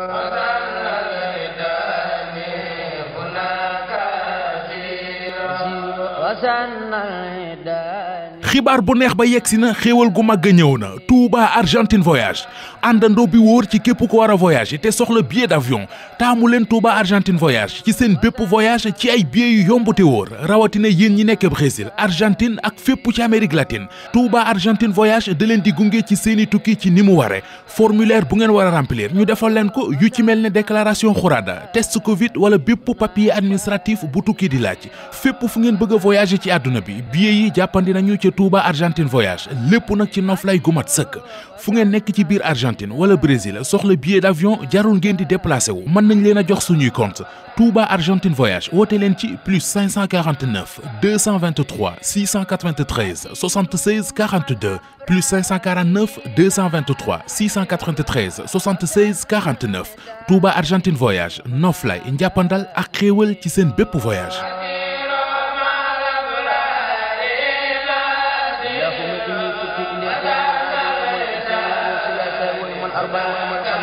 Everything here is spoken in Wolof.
Uh... xibaar bu neex ba yegsi na xéewal gu màgg ñëw na Touba Argentine voyage àndandoo bi wóor ci képp ku war a voyage te soxla billet avion taamu leen Touba Argentine voyage ci seen bépp voyage ci ay billet yu yomb te wóor rawatina yéen ñi nekk Brésil Argentine ak fépp ci Amérique latine Touba Argentine voyage da leen di gunge ci seeni tukki ci ni mu ware formulaire bu ngeen war a remplir ñu defal leen ko yu ci mel ne déclaration xuraada test Covid wala bépp papier administratif bu tukki di laaj voyage ci àdduna bi billet yi jàppandi nañu ca tuuba Argentine voyage lépp nag ci noflaay gu mat sëkk fu ngeen nekk ci biir Argentine wala Brésil soxla billet d'avion jarul ngeen di déplacé wu mën nañ leen a jox suñuy compte Touba Argentine voyage woote leen ci plus 549 223 693 76 42 plus 549 223 693 76 49 Touba Argentine voyage noflaay njàppandal ak xéewal ci seen bépp voyage أربعة مكان